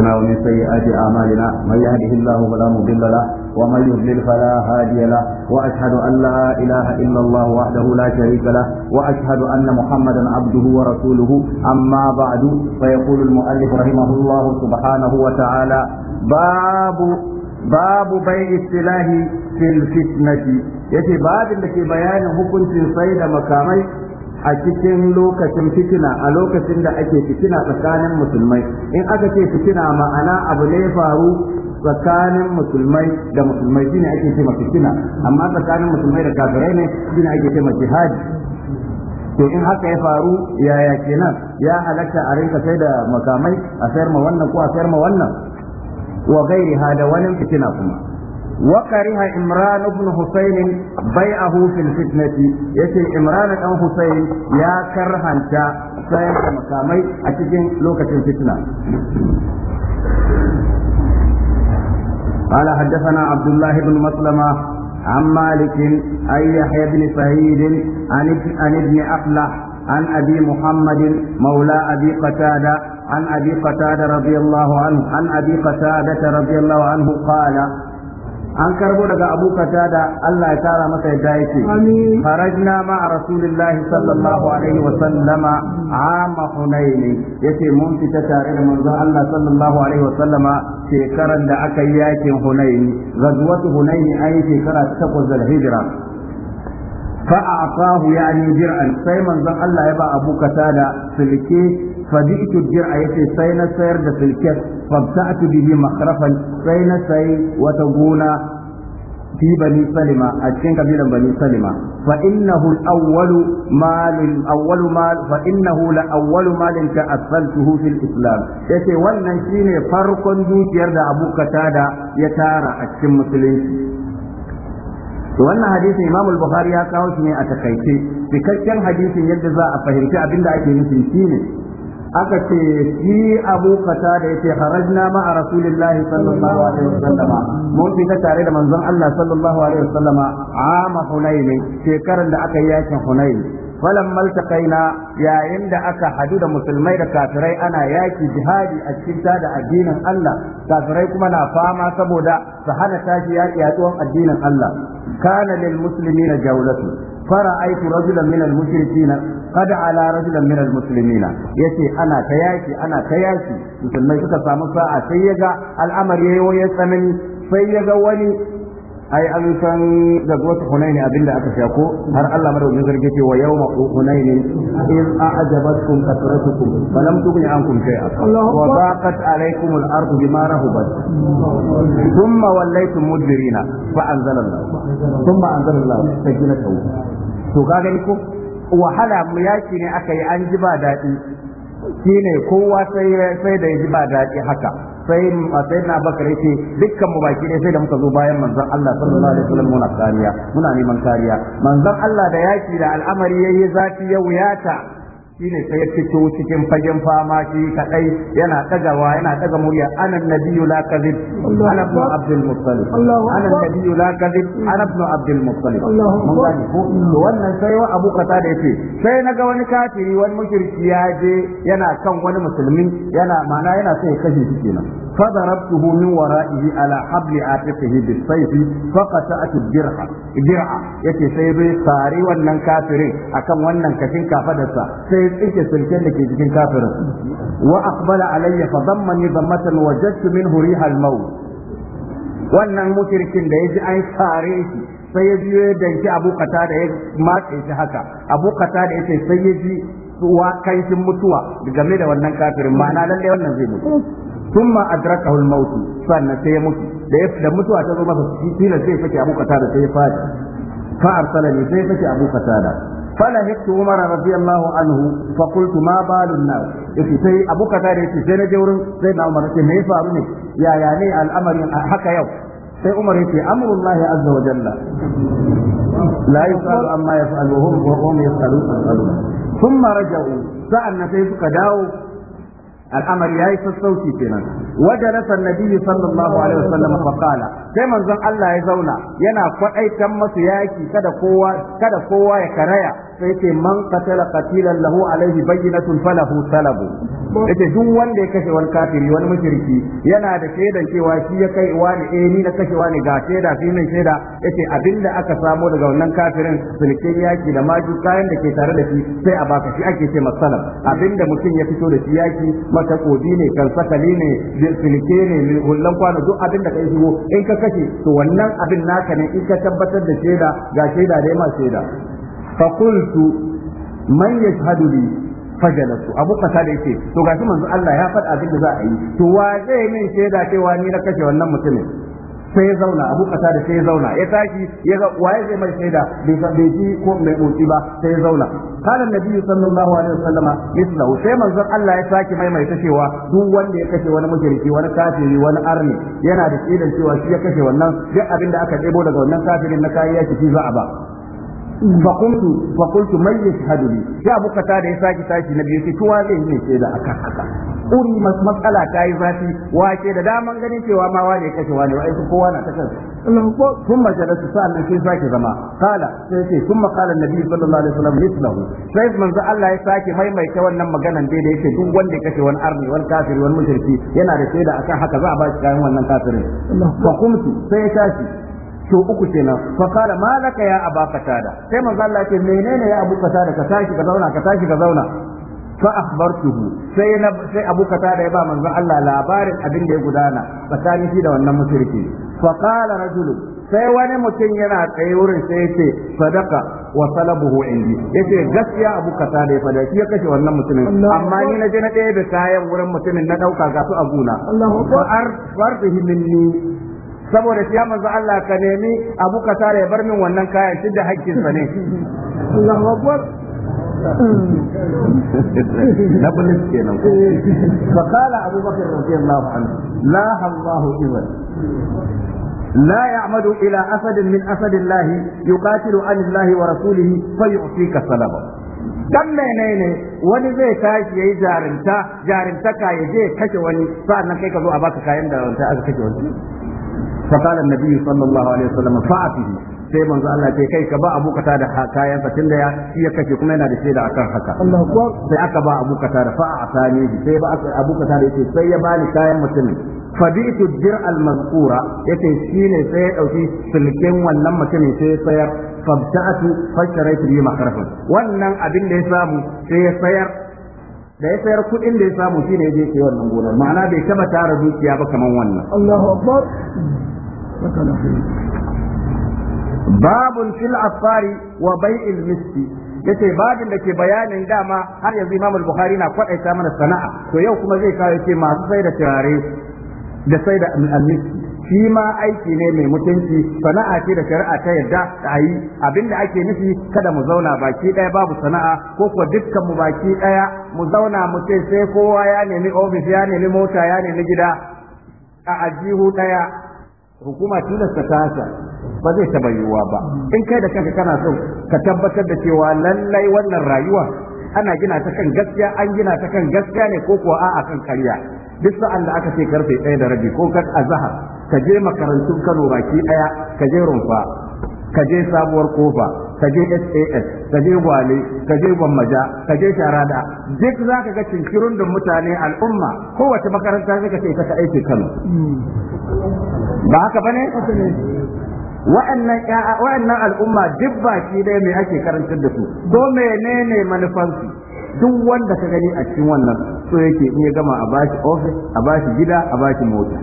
أنفسنا ومن سيئات أعمالنا من يهده الله فلا مضل له ومن يضلل فلا هادي له وأشهد أن لا إله إلا الله وحده لا شريك له وأشهد أن محمدا عبده ورسوله أما بعد فيقول المؤلف رحمه الله سبحانه وتعالى باب babu bai istilahi fil fitnati yace babin da ke bayanin hukuncin sai da makamai a cikin lokacin fitina a lokacin da ake fitina tsakanin musulmai in aka ce fitina ma'ana abu ne faru tsakanin musulmai da musulmai shine ake ce ma fitina amma tsakanin musulmai da kafirai ne shine ake ce ma jihadi to in haka ya faru yaya kenan ya halatta a rinka sai da makamai a sayar ma wannan ko a sayar ma wannan wa gairi hada wani fitina kuma وكره عمران بن حسين بيعه في الفتنة يتي عمران بن حسين يا كرهنتا سيد مكامي أتجين لوكة الفتنة قال حدثنا عبد الله بن مسلمة عن مالك أن يحيى بن سعيد عن ابن أفلح عن أبي محمد مولى أبي قتادة عن أبي قتادة رضي الله عنه عن أبي قتادة رضي الله عنه قال an karbo daga abu da Allah ya tara masa yadda yake farajna ma a rasulullah sallallahu alaihi wa sallama amma hunaini yace mun fita tare da manzon Allah sallallahu alaihi wa sallama shekaran da aka yi yakin hunaini ghazwatu hunaini yi shekara ta takwas da hijira fa a'tahu yani dir'an sai manzon Allah ya ba abu da silke فبئت الجرع يتي سينا سير دفلكت فابتعت به مخرفا سينا سي وتقونا في بني سلمة أتشين كبيرا بني سلمة فإنه الأول مال أول مال فإنه لأول مال تأثلته في الإسلام يتي والنشين فرق دوت يرد أبو كتادة يتارى أتشين مسلمين to wannan hadisin Imam al-Bukhari ya kawo shi ne a takaice cikakken hadisin yadda za a fahimci abinda ake nufi shine aka ce shi abu kata da yake harajna ma'a rasulillahi sallallahu alaihi wasallama mun fita tare da manzon Allah sallallahu alaihi wasallama ama hunayn shekaran da aka yi yakin hunayn falamma altaqaina yayin da aka hadu da musulmai da kafirai ana yaki jihadi a cikin da addinin Allah kafirai kuma na fama saboda su hana tashi yaki yaduwar addinin Allah kana lil muslimina jawlatu فرأيت رجلا من المشركين قد على رجلا من المسلمين يتي أنا تياكي أنا تياكي مثل ما يتكسى مصاعة سيجا الأمر يهو يسمني sai yaga wani ai an san gazwatu abin da aka sha har Allah madaukakin sarki ce wa yawma hunain in a'jabatkum kasratukum falam tughni ankum shay'a wa baqat alaykum al-ardu bima rahabat thumma wallaytum mudbirina fa anzala Allah thumma anzala Allah sakinatahu to kaga ni ko wahala yaki ne aka yi an ji ba daɗi shine kowa sai sai da ya ji ba daɗi haka sai sai na bakar yace dukkan mu baki ne sai da muka zo bayan manzon Allah sallallahu alaihi wasallam muna kariya muna neman kariya manzon Allah da yaki da al'amari yayi zafi ya wuyata shine sai ya fito cikin fagen fama shi kadai yana dagawa yana daga murya ana nabiyyu la kadhib ana ibn abdul muttalib ana nabiyyu la kadhib ana ibn abdul muttalib mun gani ko wannan sai wa abu kata da yace sai ga wani kafiri wani mushriki ya je yana kan wani musulmi yana mana yana sai ya kashe shi kenan فضربته من ورائه على حبل عاتقه بالسيف فقطعت الجرح جرعه yace sai bai sari wannan kafirin akan wannan kashin kafadarsa sai tsike sulken da ke jikin kafirin wa aqbala alayya fa dhammani dammatan wajadtu minhu rihal maut wannan mushrikin da yaji an sare shi sai ya biyo ya danki abu kata da ya matse shi haka abu kata da yace sai ya ji wa kaifin mutuwa game da wannan kafirin ma'ana lalle wannan zai mutu thumma adrakahu al-maut sannan sai ya mutu da mutuwa ta zo masa ne sai fake abu kata da sai ya fadi fa arsalani sai fake abu kata da فلهجت عمر رضي الله عنه فقلت ما بال الناس yace sai abu kaza da yace sai na je wurin sai na umar yace me ya faru ne yaya ne al'amarin haka yau sai umar yace amrullahi azza wa jalla la yusalu amma yaf'aluhum wa hum yasalun thumma raja'u sa'an sai suka dawo al'amari yayi sassauci kenan wajalasa annabi sallallahu alaihi sai manzon Allah ya zauna yana kwadaitan masu yaki kada kowa kada kowa ya karaya sai ce man qatala qatilan lahu alaihi bayyinatun falahu salabu yace duk wanda ya kashe wani kafiri wani mushriki yana da shaidan cewa shi ya kai wani eh ni na kashe wani ga shaida fi min shaida yace abinda aka samo daga wannan kafirin sulkin yaki da maji kayan da ke tare da shi sai a baka shi ake ce Abin abinda mutum ya fito da shi yaki mata kodi ne kan sakali ne sulke ne hullan kwano duk abinda kai shigo in ka kashe to wannan abin naka ne in ka tabbatar da shaida ga shaida da ma shaida فقلت من يشهد لي fajalasu ابو kasa da تو to منزو الله Allah ya faɗa ذا اي تو a yi to كي واني min كشي ni na kashe wannan mutumin sai ya zauna abu kasa da sai ya zauna ya tashi ya ga waye zai mai shaida bai bai ji ko mai motsi ba sai ya zauna kana nabi sallallahu alaihi wasallam mislahu sai manzo Allah ya saki mai mai cewa duk wanda ya kashe wani mujriki wani kafiri wani arni yana da kidan cewa shi ya kashe wannan duk abin da aka debo daga wannan kafirin na kayi yaki za a ba فقلت فقلت من يشهد لي يا ابو قتاده يا ساكي ساكي نبي يسي كوا زي ne shaida akan haka uri matsala ta yi zafi wace da daman ganin cewa ma wane kashe wane wa aiki kowa na ta kansa sun majalasu sa'an nan sai sake zama kala sai ce sun makala nabi sallallahu alaihi wasallam mislahu sai manzo Allah ya sake maimaita wannan maganan dai da yake duk wanda ya kashe wani arni wani kafiri wani mushriki yana da shaida akan haka za a ba shi kayan wannan kafirin fa kumtu sai ya tashi to uku kenan fa qala ma laka ya aba qatada sai manzo Allah ce menene ya abu qatada ka tashi ka zauna ka tashi ka zauna fa akhbartuhu sai na sai abu ya ba manzo Allah labarin abin da ya gudana tsakanin shi da wannan mushriki fa qala rajulun sai wani mutum yana tsaye wurin sai yace sadaka wa salabuhu indi yace gaskiya abu qatada ya fada shi ya kashe wannan mutumin amma ni na je na ɗaya da kayan wurin mutumin na dauka ga su a guna fa arfartihi minni saboda shi manzo Allah ka nemi abu ka tare bar min wannan kayan shi da hakkin sa ne Allahu akbar na bulis kenan fa qala Abu Bakr radiyallahu anhu la Allahu iwan لا يعمد إلى أسد من أسد الله يقاتل عن الله ورسوله فيعطيك سلامه dan menene wani zai tashi yayi jarinta jarintaka ya je kashe wani sa'annan kai ka zo a baka kayan da aka kashe wani فقال النبي صلى الله عليه وسلم فاعته sai manzo Allah ce kai ka ba Abu Kata da kayan sa tunda ya iya kace kuma yana da shaida akan haka sai aka ba Abu Kata da fa'a ne sai ba Abu da yace sai ya bani kayan mutumin faditu dir al mazkura yace shine sai ya dauki silken wannan mutumin sai ya sayar fabta'atu fasharaitu bi makarafin wannan abin da ya samu sai ya sayar da ya sayar kuɗin da ya samu shine ya je sai wannan gonar ma'ana bai taba tara dukiya ba kaman wannan Allahu akbar babun fil afari wa bai'il miski yace babin da ke bayanin dama har yanzu Imam Bukhari na kwadaita mana sana'a to yau kuma zai kawo yace masu sai da turare da sai da almiski shi ma aiki ne mai mutunci sana'a ce da shari'a ta yadda da yi abinda ake nufi kada mu zauna baki daya babu sana'a ko kuwa dukkan mu baki daya mu zauna mu ce sai kowa ya nemi ofis ya nemi mota ya nemi gida a ajihu daya hukuma tilasta ta haka ba zai taɓa yiwuwa ba in kai da kanka kana so ka tabbatar da cewa lallai wannan rayuwa ana gina ta kan gaskiya an gina ta kan gaskiya ne ko kuwa a'a kan karya duk sa'an da aka ce karfe ɗaya da rabi ko kan azahar ka je makarantun Kano baki ɗaya ka je rumfa ka je sabuwar kofa ka je SAS ka je Gwale ka je Gwammaja ka je Sharada duk za ka ga cincirun da mutane al'umma kowace makaranta sai ka ce ta ka aiki Kano ba haka bane wa'annan al'umma duk baki dai mai ake karantar da su to menene manufansu duk wanda ka gani a cikin wannan so yake in ya gama a bashi ofis a bashi gida a bashi mota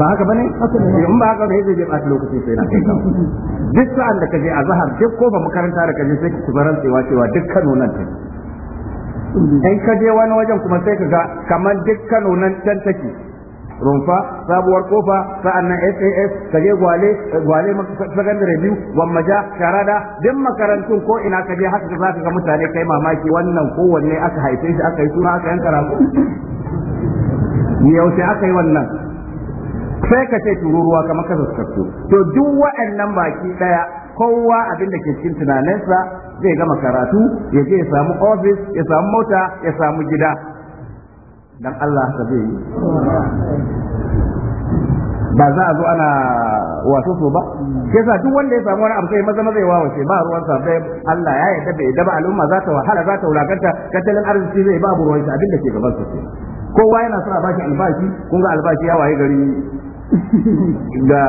ba haka bane in ba haka ne zai je ɓata lokaci sai na kai duk sa'an da ka je a zahar duk ko ba makaranta da ka je sai ki baran tsewa cewa duk Kano nan take mm. in ka je wani wajen kuma sai ka ga kamar duk Kano nan can take rumfa sabuwar kofa sa'annan SAS je gwale gwale sakandare biyu ja sharada din makarantun ko ina ka kaje haka zaka ga mutane kai mamaki wannan ko wanne aka haife shi aka yi suna aka yanka yau yaushe aka yi wannan sai ka ce tururuwa kamar ka zaskatu to duk waɗannan baki ɗaya kowa abin da ke cikin tunaninsa zai gama karatu ya je ya samu ofis ya samu mota ya samu gida dan Allah ka zai yi ba za a zo ana wato so ba sa duk wanda ya samu wani abu sai maza maza ya ba ruwan sa sai Allah ya yarda bai da ba al'umma za ta wahala za ta wulakanta tattalin arziki zai ba ruwan sa abin da ke gaban su kowa yana son a bashi albashi kun ga albashi ya waye gari ga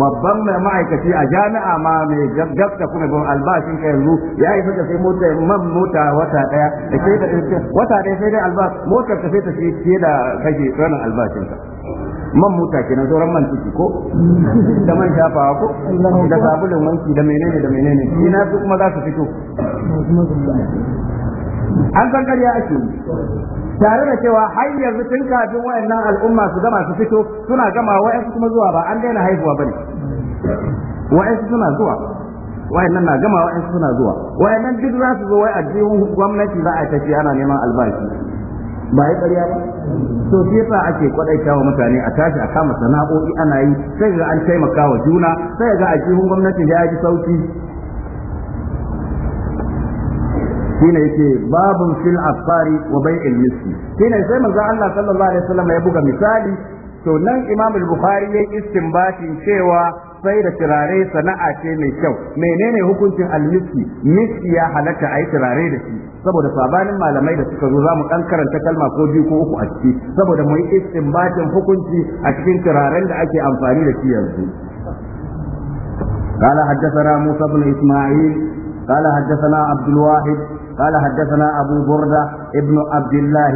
babban mai ma'aikaci a jami'a ma mai gabta kuma don albashin ka yanzu ya yi suka sai mota man mota wata daya da ke da wata daya sai dai albashin motar ka sai ta sai ke da kake ranar albashin ka man mota kenan sauran man ciki ko da man shafawa ko da sabulun wanki da menene da menene shi na su kuma za su fito an san ƙarya ake tare da cewa har yanzu tun kafin wayannan al'umma su gama su fito suna gama wayansu kuma zuwa ba an daina haihuwa bane wayansu suna zuwa wayannan na gama wayansu suna zuwa wayannan duk za su zo wai a jihun gwamnati za a tafi ana neman albashi ba yi ƙarya ba to shi yasa ake kwadaita wa mutane a tashi a kama sana'o'i ana yi sai ga an taimaka wa juna sai ga a jihun gwamnati da ya ji sauki shine yake babun fil asfari wa bai'il miski shine sai manzo Allah sallallahu alaihi wasallam ya buga misali to nan Imam al-Bukhari yayi istinbatin cewa sai da turare sana'a ce mai kyau menene hukuncin al-miski miski ya halatta ayi turare da shi saboda sabanin malamai da suka zo za mu dan karanta kalma ko biyu ko uku a ciki saboda mu yi istinbatin hukunci a cikin turaren da ake amfani da shi yanzu قال حدثنا موسى بن اسماعيل قال حدثنا عبد الواحد قال حدثنا أبو بردة ابن عبد الله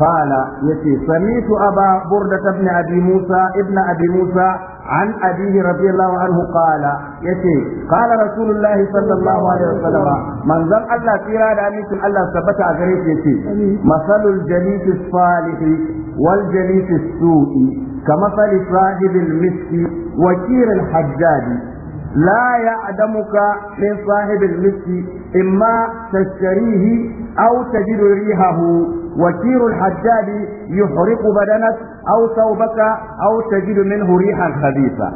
قال يتي سمعت أبا بردة ابن أبي موسى ابن أبي موسى عن أبيه رضي الله عنه قال يتي قال رسول الله صلى الله عليه وسلم من ذم الله في رادة أميكم الله ثبت أغريك يتي مثل الجليس الصالح والجليس السوء كمثل صاحب المسك وكير الحجاج لا يعدمك من صاحب المسك إما تشتريه أو تجد ريحه وتير الحجاج يحرق بدنك أو ثوبك أو تجد منه ريحا خبيثة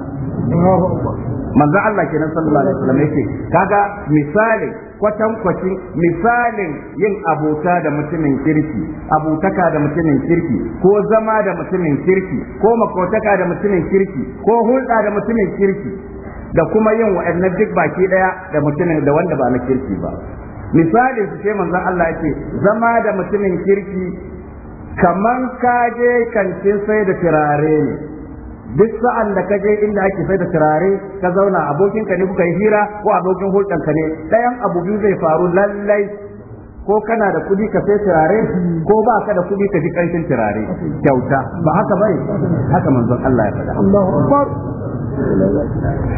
manzo Allah kenan sallallahu alaihi wasallam yake kaga misalin kwatan kwacin misalin yin abota da mutumin kirki abotaka da mutumin kirki ko zama da mutumin kirki ko makotaka da mutumin kirki ko hulɗa da mutumin kirki da kuma yin wa'annan duk baki ɗaya da mutumin da wanda ba na kirki ba misali su ce manzon Allah yake zama da mutumin kirki kaman ka je kantin sai da turare ne duk sa'an da ka je inda ake sai da turare ka zauna abokinka ne kuka yi hira ko abokin ka ne ɗayan abu biyu zai faru lallai ko kana da kuɗi ka sai turare ko ba ka da kuɗi ka ji ƙarfin turare kyauta ba haka bai haka manzon Allah ya faɗa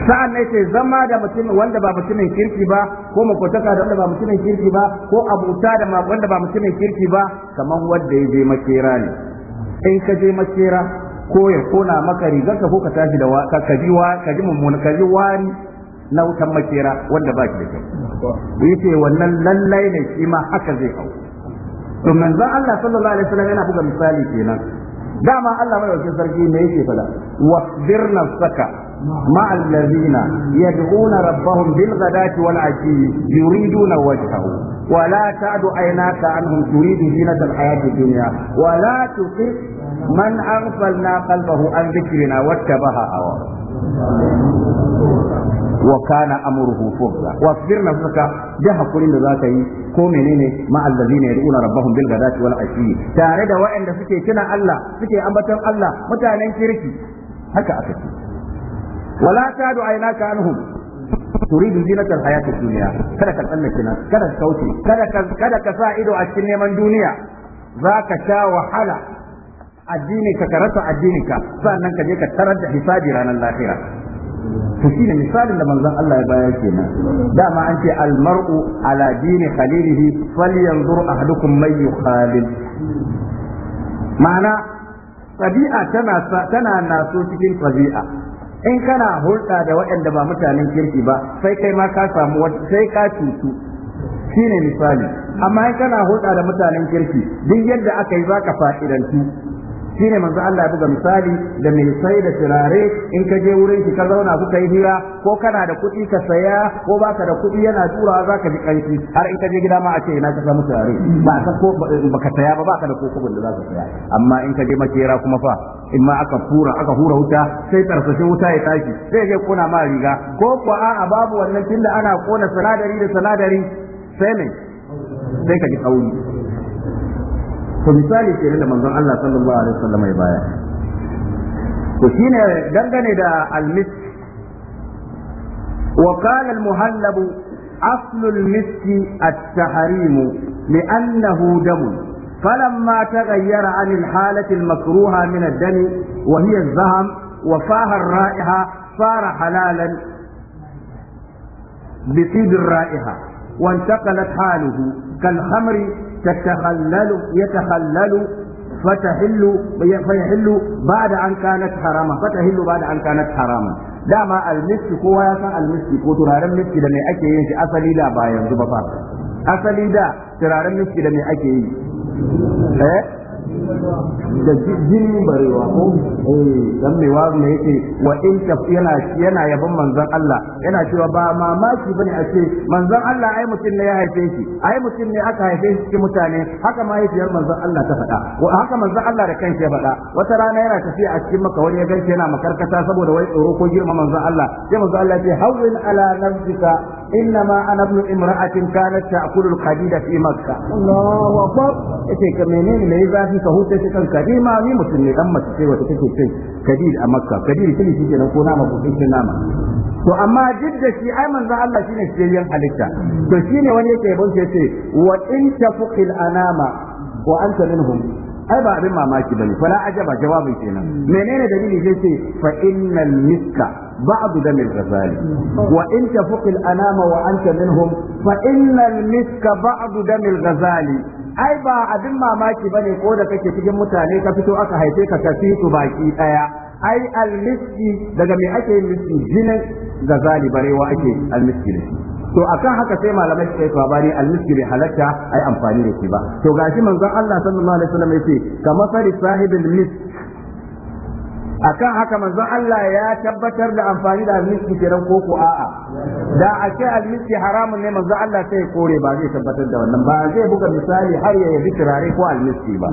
sa'an ne ce zama da mutum wanda ba mutumin kirki ba ko makotaka da wanda ba mutumin kirki ba ko abuta da wanda ba mutumin kirki ba kamar wanda ya je makera ne in ka je makera ko ya kona maka rigar ka ko ka tashi da ka kaji wa kaji mummun wani na wutan makera wanda ba ki da kyau yace wannan lallai ne shi ma haka zai hau to manzon Allah sallallahu alaihi wasallam yana buga misali kenan dama Allah mai sarki ne yake fada wasbir nafsaka مع الذين يدعون ربهم بالغداة والعشي يريدون وجهه ولا تعد عيناك عنهم تريد زينة الحياة الدنيا ولا تطع من أغفلنا قلبه عن ذكرنا واتبع هواه وكان امره فرضا واغفر نفسك da hakurin da zaka yi ko menene ma allazina yad'una rabbahum bil ghadati wal ashi tare da waɗanda suke kina Allah suke ambatar Allah mutanen kirki haka aka wala tadu aynaka anhum تريد زينة الحياة الدنيا kada ka tsallake nan kada ka kauce kada ka kada ka sa ido a cikin neman duniya zaka sha wahala addini rasa karasa addini ka sannan ka je ka tarar da hisabi ranar lahira to shine misalin da manzon Allah ya bayar kenan dama an al mar'u ala dini ma'ana tabi'a tana nasu cikin tabi'a in kana hulɗa da waɗanda ba mutanen kirki ba sai kai ma ka samu sai ka cutu shine misali amma in kana hulɗa da mutanen kirki duk yadda aka yi za ka fa'idantu shine manzo Allah ya buga misali da mai sai da turare in ka je wurin shi ka zauna kuka yi hira ko kana da kuɗi ka saya ko baka da kuɗi yana turawa zaka ji ƙarfi. har in ka je gida ma a ce ina ka samu turare ba eh, ka ko baka saya ba baka da kokobin da ka saya amma in ka je makera kuma fa in ma aka fura aka hura wuta sai tarsashin wuta ya tashi sai ya kona ma riga ko ko a'a babu wannan tunda ana kona sanadari da sanadari sai ne sai ka ji kauri ku misali ke da manzon Allah sallallahu alaihi wasallam ya baya ku shine dangane اصل المسك التحريم لانه دم فلما تغير عن الحاله المكروهه من الدم وهي الزهم وفاها الرائحه صار حلالا بسيد الرائحه وانتقلت حاله كالخمر تتخلل يتخلل فتحل فيحل بعد أن كانت حراما فتحل بعد أن كانت حراما دعما المسك كوا يسا المسك كو ترارم مسك دمي أكي ينشي أصلي لا باين زبطا أصلي دا ترارم مسك دمي أكي إيه da jirgin barewa ko eh, dan mai ne yake wa in yana yana yaban manzon Allah yana cewa ba mamaki bane a ce manzon Allah ai mutum ne ya haife shi ai mutum ne aka haife shi cikin mutane haka ma yake yar manzon Allah ta faɗa wa haka manzon Allah da kanshi ya faɗa wata rana yana tafiya a cikin maka wani ya ganke yana makarkata saboda wai tsoro ko girma manzon Allah sai manzon Allah ya ce hawlin ala nafsika إنما أنا ابن امرأة كانت تأكل القديد في مكة الله أكبر إيه كمنين ليزا في كهوتة كان كريمة مي مسلمي أما تسيوة تسيوة كديد أمكة كديد تلي تيجي نكون أما بسيطة نعمة to amma duk da shi ai manzo Allah shine shiyayyen halitta to shine wani yake yabon sai ce wa in tafuqil anama wa anta minhum ai ba abin mamaki bane fala ajaba jawabin kenan menene dalili sai ce miska بعض دم الغزال وإن تفق الأنام وأنت منهم فإن المسك بعض دم الغزال ai ba abin mamaki ba ne ko da kake cikin mutane ka fito aka haife ka ka su baki ɗaya. ai almiski daga me ake yin miski jinin gazali barewa ake almiski ne to akan haka sai malamai suka yi labari almiski bai halatta ai amfani da shi ba to gashi manzon Allah sallallahu alaihi wasallam yace kama fari sahibul misk akan haka manzon Allah ya tabbatar da amfani da miski kenan ko ko a'a da a ce almiski haramun ne manzo Allah sai ya kore ba zai tabbatar da wannan ba zai buga misali har ya yi turare ko almiski ba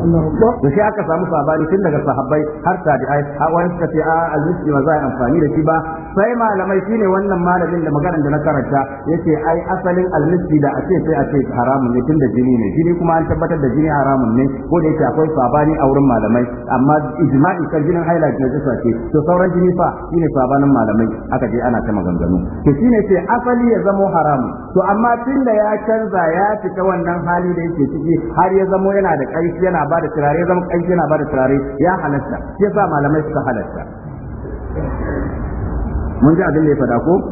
Yaushe shi aka samu sabani tun daga sahabbai har tabi'ai a wani suka ce a almiski ba za a amfani da shi ba sai malamai shine wannan malamin da maganar da na karanta yace ai asalin almiski da a sai a haramun ne tun da jini ne jini kuma an tabbatar da jini haramun ne ko da yake akwai sabani a wurin malamai amma ijma'i kan jinin haila najasa ce to sauran jini fa shine sabanin malamai aka je ana ta maganganu to shine ce asali ya zamo haramu to amma da ya canza ya fita wannan hali da yake ciki har ya zamo yana da ƙarfi yana ba da turare ya zama ƙarfi yana ba da turare ya halatta sa malamai suka halatta mun ji abin da ya faɗa ko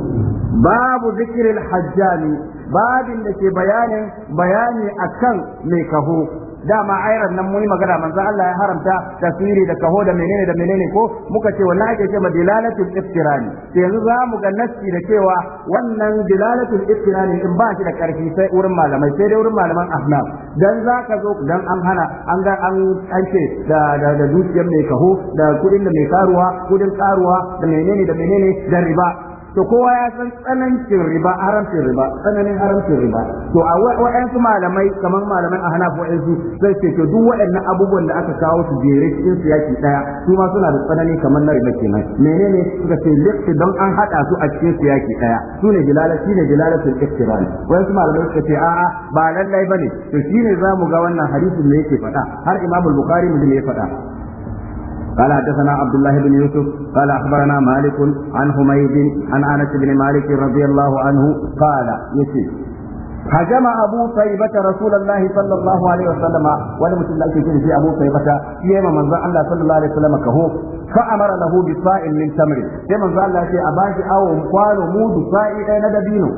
babu zikirin hajjani babin da ke bayanin bayani akan mai kaho dama ayran nan mun yi magana manzo Allah ya haramta tasiri da kaho da menene da menene ko muka ce wallahi ake cewa dilalatul iftirani sai yanzu za mu ga nassi da cewa wannan dilalatul iftirani in ba shi da karfi sai wurin malamai sai dai wurin malaman ahnaf dan za ka zo dan an hana an ga an an ce da da da dukiyar mai kaho da kudin da mai karuwa kudin karuwa da menene da menene da riba to kowa ya san tsanancin riba haramcin riba tsananin haramcin riba to a wa'ansu malamai kamar malamai a hanafu wa'ansu sai ce to duk waɗannan abubuwan da aka kawo su jere cikin su yaki daya su ma suna da tsanani kamar na riba kenan menene suka ce liqti don an hada su a cikin su yaki daya su ne jilala shi ne jilalatul iqtiran wa'ansu malamai suka ce a'a ba lallai bane to shi ne za mu ga wannan hadisin da yake faɗa har imamul bukhari ne ya faɗa قال حدثنا عبد الله بن يوسف قال اخبرنا مالك عن حميد عن انس بن مالك رضي الله عنه قال يسير هجم أبو طيبة رسول الله صلى الله عليه وسلم ولم الله كثير في أبو طيبة يما من الله صلى الله عليه وسلم كهو فأمر له بصاع من تمر يما من الله في أباك أو مقال مود صاع ندبينه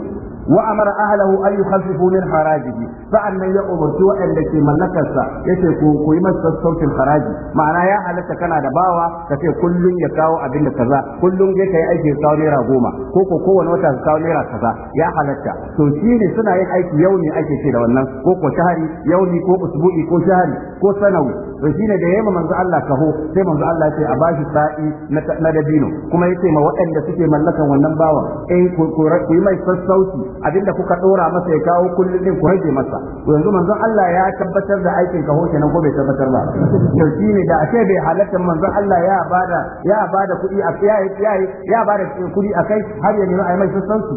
wa amara ahlahu an yukhaffifu min harajihi sa'annan ya umarci waɗanda ke mallakarsa yace ku ku yi masa sautin haraji ma'ana ya halatta kana da bawa ka ce kullun ya kawo abin da kaza kullun ya kai aiki kawo naira goma ko ko kowane wata kawo naira kaza ya halatta to ne suna yin aiki yau ne ake ce da wannan ko ko shahari yau ne ko usbu'i ko shahari ko sanawi to ne da yayi manzo Allah kaho sai manzo Allah ya ce a bashi sa'i na dabino kuma yace ma waɗanda suke mallakan wannan bawan eh ku yi mai sassauci abinda kuka dora masa ya kawo kullun din ku rage masa yanzu manzon Allah ya tabbatar da aikin ka hoke nan ko bai tabbatar ba to shine da ashe bai halartar manzon Allah ya bada ya bada kuɗi a ya ya bada a kai har ya nemi a yi mai sassansu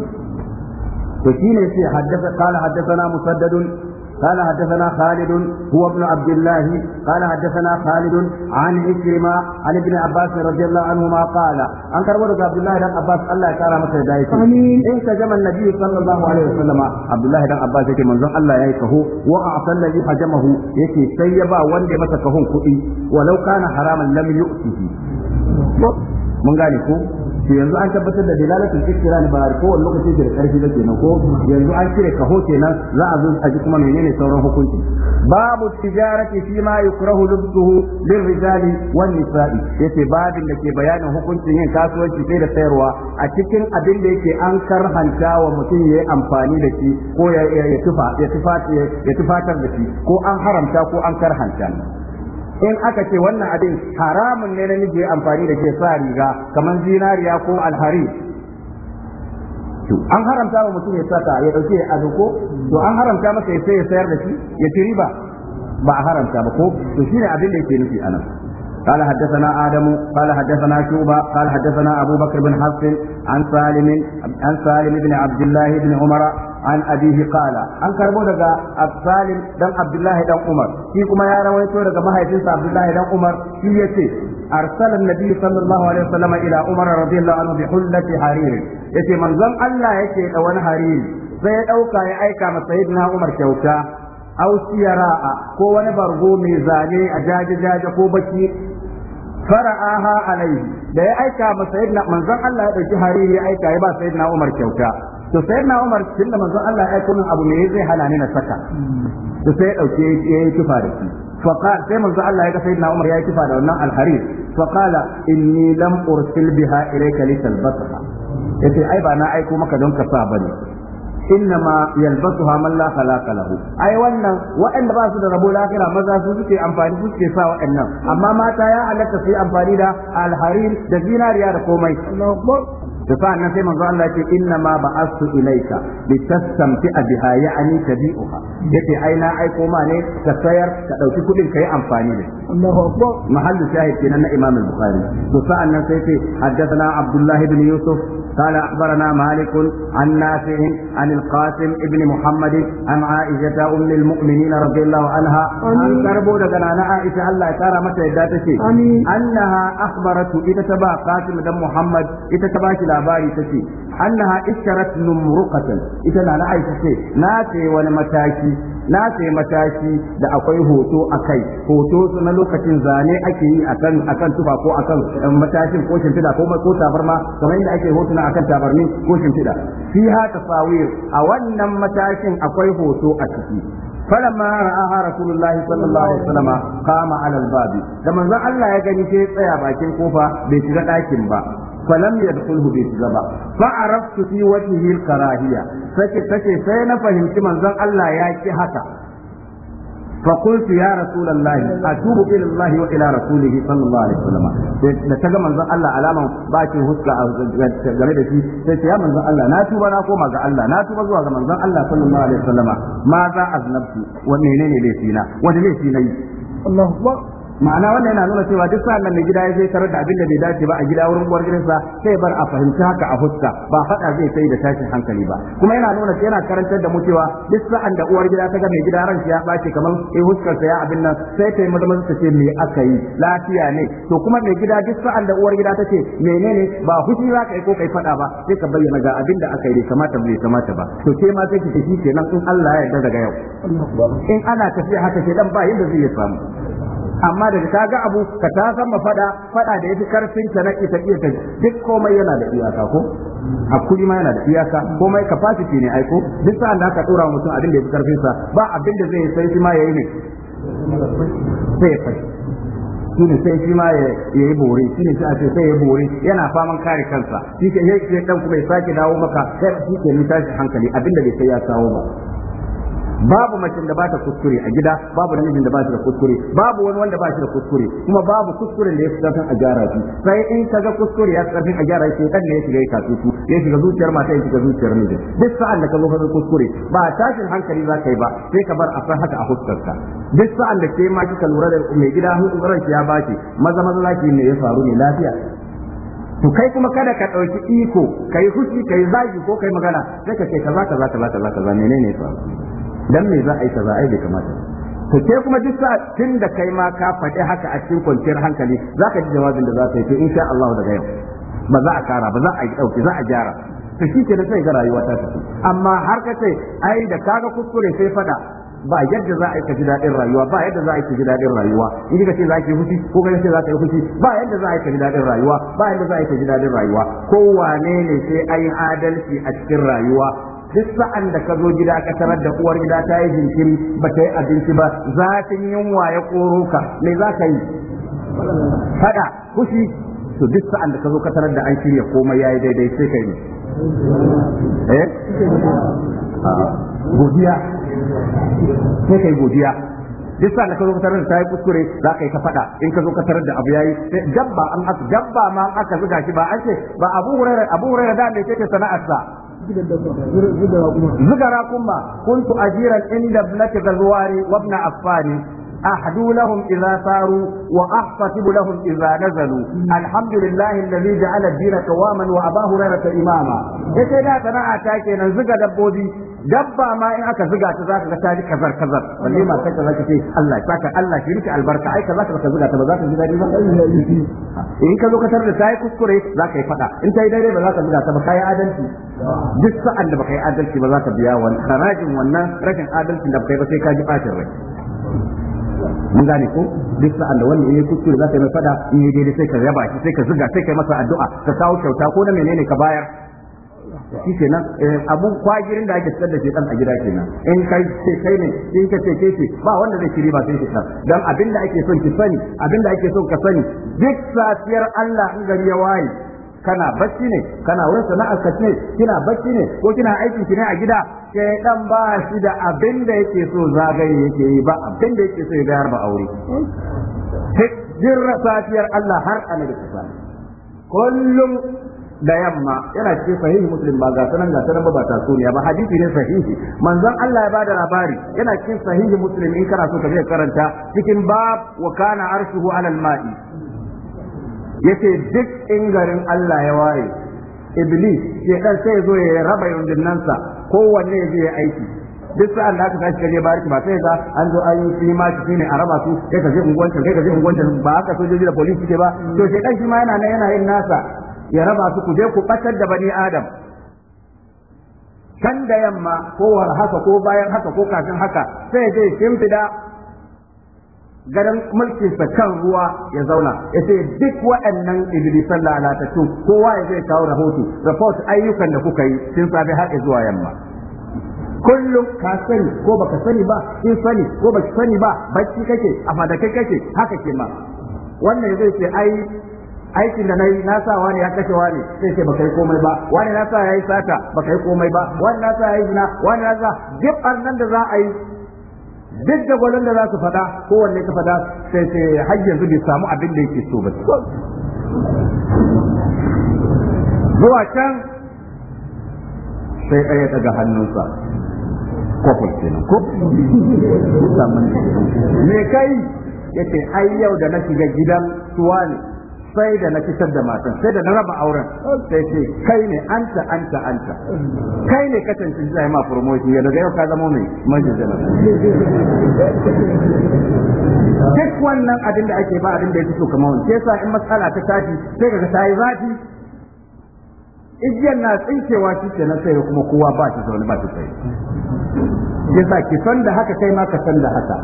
to ne sai haddasa qala haddathana musaddadun قال حدثنا خالد هو ابن عبد الله قال حدثنا خالد عن عكرمة عن ابن عباس رضي الله عنهما قال عن كربون عبد الله بن عباس الله تعالى مثل ذلك إن تجم النبي صلى الله عليه وسلم عبد الله بن عباس يكي منظر الله يكه وأعطى الذي حجمه يكي سيبا وند مسكهم كئي ولو كان حراما لم يؤته من قال to yanzu an tabbatar da kira iqrar ba ko wani lokaci da karfi da kenan ko yanzu an cire kaho kenan za a zo a ji kuma menene sauran hukunci babu tijarati fi ma yukrahu lubsuhu lirrijali wan nisa'i yace babin da ke bayanin hukuncin yin kasuwanci sai da sayarwa a cikin abin da yake an karhanta wa mutum ya yi amfani da shi ko ya tufa ya tufatar da shi ko an haramta ko an karhanta in aka ce wannan abin haramun ne na miji amfani da ke sa riga kamar zinariya ko alhari to an haramta wa mutum ya saka ya dauke ya doko, to an haramta masa ya sai ya sayar da shi ya ci riba ba a haramta ba ko to shine abin da yake nufi anan قال حدثنا آدم قال حدثنا شوبة قال حدثنا أبو بكر بن حفص عن سالم عن سالم بن عبد الله بن عمر an abihi qala an karɓo daga Salim dan Abdullahi dan Umar shi kuma ya rawaito daga mahaifinsa Abdullahi dan Umar shi yace arsala annabi sallallahu alaihi wasallam ila Umar radiyallahu anhu bi hullati harir yace manzon Allah yake da wani hariri sai ya ɗauka ya aika ma sayyidina Umar kyauta aw ko wani bargo mai zane a jaje jaje ko baki fara'aha alaihi da ya aika ma sayyidina manzon Allah ya dauki hariri ya aika ya ba sayyidina Umar kyauta to sai na Umar tun da manzon Allah ya kunin abu me zai hana ni na saka to sai ya dauke ya yi kifa da shi فقال سيما الله يقول سيدنا عمر يا كفا لنا الحرير فقال إني لم أرسل بها إليك لتلبسها yace ai ba na aiko maka don ka sa bane innama yalbasuha man la khalaqa lahu ai wannan waɗanda ba su da rabo lafiya maza su suke amfani su suke sa waɗannan amma mata ya halatta su amfani da alharin da zinariya da komai da sa'an nan sai manzo Allah ce inna ma ba'astu ilaika li a biha ya'ni tabi'uha yace ai na aiko ma ne ka sayar ka dauki kudin kai amfani da Allahu akbar mahallu shahid kenan na Imam bukhari to sa'an nan sai ce haddathana Abdullah ibn Yusuf قال أخبرنا مالك عن نافع عن القاسم ابن محمد عن عائشة أم المؤمنين رضي الله عنها عن كربو ta عائشة الله يتارى متى إذا أنها أخبرت إذا تبع قاسم دم محمد إذا تبع labari ce, annaha ishtarat numruqatan ita na na aisha ce na ce wani mataki na ce mataki da akwai hoto a kai hoto na lokacin zane ake yi akan akan tufa ko akan eh, matashin ko shimfida ko ko tabarma kamar yadda ake hotuna akan tabarmi ko shimfida haka, tasawir a wannan matashin akwai hoto a ciki فلما رآها رسول الله صلى الله عليه وسلم قام على الباب da manzon Allah ya gani sai tsaya bakin kofa bai shiga ɗakin ba falam yadkhulhu bi gaba fa araftu fi wajhihi al-karahiyya sake sai na fahimci manzon Allah ya ki ya فقلت يا رسول الله اتوب الى الله والى رسوله صلى الله عليه وسلم da ta ga manzon Allah alaman bakin huska game da shi sai ta ya manzon Allah na tuba na koma ga Allah na tuba zuwa ga manzon Allah sallallahu alaihi wasallama ma za aznabtu wa menene laifina laifi ma'ana wannan yana nuna cewa duk sa'an mai gida ya je tarar da abin da bai dace ba a gida wurin uwar gidansa sai bar a fahimci haka a huska, ba faɗa zai sai da tashin hankali ba kuma yana nuna yana karantar da mu cewa duk sa'an da uwar gida ta ga mai gida ran ya bace kamar eh huskar sa ya abin nan sai ta yi maza ta ce me aka yi lafiya ne to kuma mai gida duk sa'an da uwar gida ta ce menene ba fushi za ka yi ko kai faɗa ba sai ka bayyana ga abin da aka yi bai kamata bai kamata ba to ke ma sai ki tafi kenan in Allah ya yarda daga yau in ana tafiya haka sai dan ba yadda zai samu amma daga ta ga abu ka ta ma fada fada da yafi karfin ta na ita iya ta duk komai yana da iyaka ko hakuri ma yana da iyaka komai capacity ne aiko duk sa'an da ka tura mutum abin da yafi karfin sa ba abin da zai sai shi ma yayi ne sai ya fashi shi ne sai shi ma ya yi bore shi ne sai a ce sai ya bore yana faman kare kansa shi ke yake dan kuma ya sake dawo maka sai shi ke shi hankali abinda bai sai ya kawo ba babu macen da ba ta kuskure a gida babu namijin da ba shi da kuskure babu wani wanda ba shi da kuskure kuma babu kuskure da ya fi a gyara shi sai in kaga kuskure ya fi a gyara shi kan ne ya shiga yi kasu ya shiga zuciyar mata ya shiga zuciyar miji duk sa'an da ka zo ka kuskure ba a tashin hankali za ka yi ba sai ka bar a san haka a fuskarka duk sa'an da ke ma kika lura da mai gida ran ya baki maza maza laki ne ya faru ne lafiya to kai kuma kada ka ɗauki iko kai hushi kai zagi ko kai magana sai ka ce kaza kaza kaza kaza menene ya faru dan me za a yi kaza ai bai kamata to ke kuma duk tun da kai ma ka faɗi haka a cikin kwanciyar hankali za ka ji jawabin da za ka yi to insha Allah daga yau ba za a kara ba za a ɗauke, za a gyara to shi ke da sai ga rayuwa ta tafi amma har ka ce ai da kaga kuskure sai faɗa ba yadda za a yi ka ji daɗin rayuwa ba yadda za a yi ka ji daɗin rayuwa in ka ce za ki fushi ko ka ce za ka yi fushi ba yadda za a yi ka ji daɗin rayuwa ba yadda za a yi ka ji daɗin rayuwa ko wane ne sai ai adalci a cikin rayuwa duk sa'an da ka zo gida ka tarar da uwar gida ta yi jinkiri ba ta yi abinci ba zafin yunwa ya koro ka me za ka yi fada kushi to duk sa'an da ka zo ka tarar da an shirya komai ya yi daidai sai ka yi eh godiya sai yi godiya duk sa'an da ka zo ka tarar da yi kuskure za ka yi ka fada in ka zo ka tarar da abu ya dabba an dabba ma an aka zuga shi ba an ce ba Abu Hurairah Abu Hurairah da me yake sana'arsa zuga rakunba kuntu ajiran inda ibnati zalwari wa ibn affan ahdu lahum idha saru wa ahtasibu lahum idha nazalu alhamdulillahi alladhi ja'ala dina qawaman wa abahu rara imama yace da sana'a ta kenan zuga dabbobi dabba ma in aka ziga ta ka ga ta ji kazar kazar balle ma ta zaka ce Allah ya saka Allah shi rike albarka ai kaza ka ziga ta ba za ka ji dadi ba in ka zo ka tarda ta yi kuskure za ka yi fada in ta yi daidai ba za ka ziga ta ba kai adalci duk sa'an da ba kai adalci ba za ka biya wannan harajin wannan rashin adalci da kai ba sai ka ji bacin rai mun gane ko duk sa'an da wannan yayi kuskure za ka yi fada in yi daidai sai ka yaba shi sai ka ziga sai ka yi masa addu'a ka kawo kyauta ko na menene ka bayar shi kenan eh, abun kwagirin da ake fitar da shekan a gida kenan in kai ce kai ne in ka ce kai ce ba wanda zai shiri ba sai shi dan abin da ake son ki sani abin da ake son ka sani duk safiyar Allah in gari ya waye kana bacci ne kana wurin sana'ar ka ne kina bacci ne ko kina aiki ki ne a gida sai dan ba shi da abin da yake so zagaye yake yi ba abin da yake so ya gayar ba aure duk safiyar Allah har annabi sallallahu kullum da yamma yana cikin sahihi muslim ba gasa nan gasa nan ba ta suniya ba hadisi ne sahihi manzon Allah ya bada labari yana cikin sahihi muslim in kana so ka je karanta cikin bab wa kana arshuhu ala al-ma'i yace duk in garin Allah ya waye iblis ke dan sai zo ya raba ko kowanne zai yi aiki duk sai Allah ka tashi kaje bariki ba sai ga an zo an yi ma shi ne a raba su kai ka je unguwancin kai ka je unguwancin ba haka sojoji da police ke ba to shi dan shi ma yana nan yana yin nasa ya raba su ku je ku ɓatar da bani adam kan da yamma ko war haka ko bayan haka ko kafin haka sai zai shimfida garin sa kan ruwa ya zauna ya ce duk waɗannan iblisan lalatattu kowa ya zai kawo rahoto report ayyukan da kuka yi sun safe har zuwa yamma kullum ka sani ko baka sani ba in sani ko baki sani ba bacci kake a fadakai kake haka ke ma wannan zai ce ai aikin da nayi na sa wani ya kashe wani sai ce baka yi komai ba wani na sa yayi sata baka yi komai ba wani na sa yayi zina wani na sa duk annan da za a yi duk da gwalon da za su faɗa kowanne ka faɗa sai sai har yanzu bai samu abin da yake so ba zuwa can sai ɗaya daga hannunsa kofar kenan ko me kai yace ai yau da na shiga gidan suwa ne sai da na fitar da matan sai da na raba auren sai ce kai ne anta anta anta kai ne ka cin zai ma promotion ya daga yau ka zama mai majalisa duk wannan abin da ake ba abin da ya fito kamar wani sai sa in matsala ta tafi sai ga ta yi zafi igiyar na tsinkewa shi ke na sai kuma kowa ba shi zaune ba shi tsaye yasa ki san da haka kai ma ka san da haka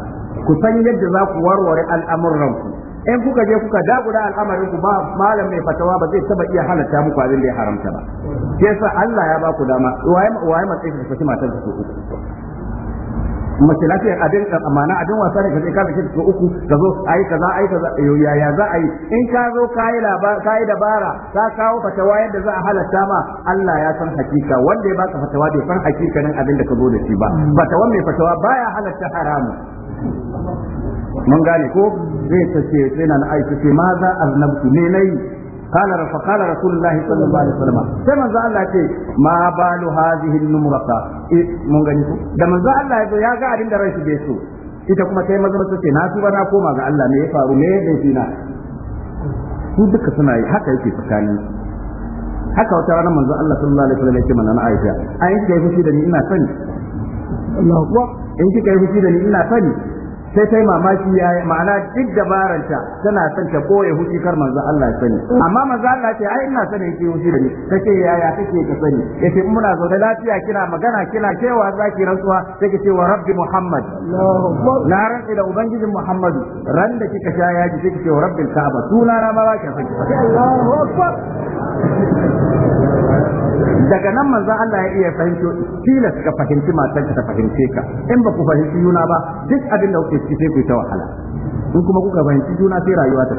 ku san yadda za ku warware al'amuranku in kuka je kuka dagura al'amarin ku ba malam mai fatawa ba zai taba iya halatta muku abin da ya haramta ba Ke sa Allah ya ba ku dama waye waye matsayi ku saki matar ku uku mace lafiyar abin amana abin wasa ne kaje ka saki ku uku ka zo ai kaza ai kaza ya ya za ai in ka zo kai labar kai dabara ka kawo fatawa yadda za a halatta ma Allah ya san hakika wanda ya baka fatawa bai san hakikanin abin da ka zo da shi ba fatawa mai fatawa baya halatta haramu mun gane ko zai tace sai na aisha ce ma za aznabtu ne nayi قال فقال رسول الله صلى الله عليه وسلم كما ذا الله ce ما بال هذه النمرقه mun gani ko da manzo Allah ya ga abin da rai shi bai so ita kuma sai maza maza ce na tuba na koma ga Allah me ya faru me ya dace na su duka suna yi haka yake tsakanin haka wata ranar manzo Allah sallallahu alaihi wasallam yake mana na Aisha ai kai fushi da ni ina sani Allahu akbar in kika yi fushi da ni ina sani sai ta mamaki ya yi ma'ana duk dabaranta tana son ta koya huci kar manzo Allah sani amma manzo Allah ce ai ina sani ke huci da ni kace yaya kake ka sani yace in muna zaune lafiya kina magana kina cewa zaki rantsuwa take ce wa rabbi muhammad na rantsi da ubangijin muhammad ran da kika sha yaji take ce wa rabbil kaaba suna na ma ba ka sani Allahu akbar daga nan manzon Allah ya iya fahimto tilas ka fahimci matan ka ta fahimce ka in ba ku fahimci juna ba duk abin da kuke ciki sai ku ta wahala in kuma kuka fahimci juna sai rayuwa ta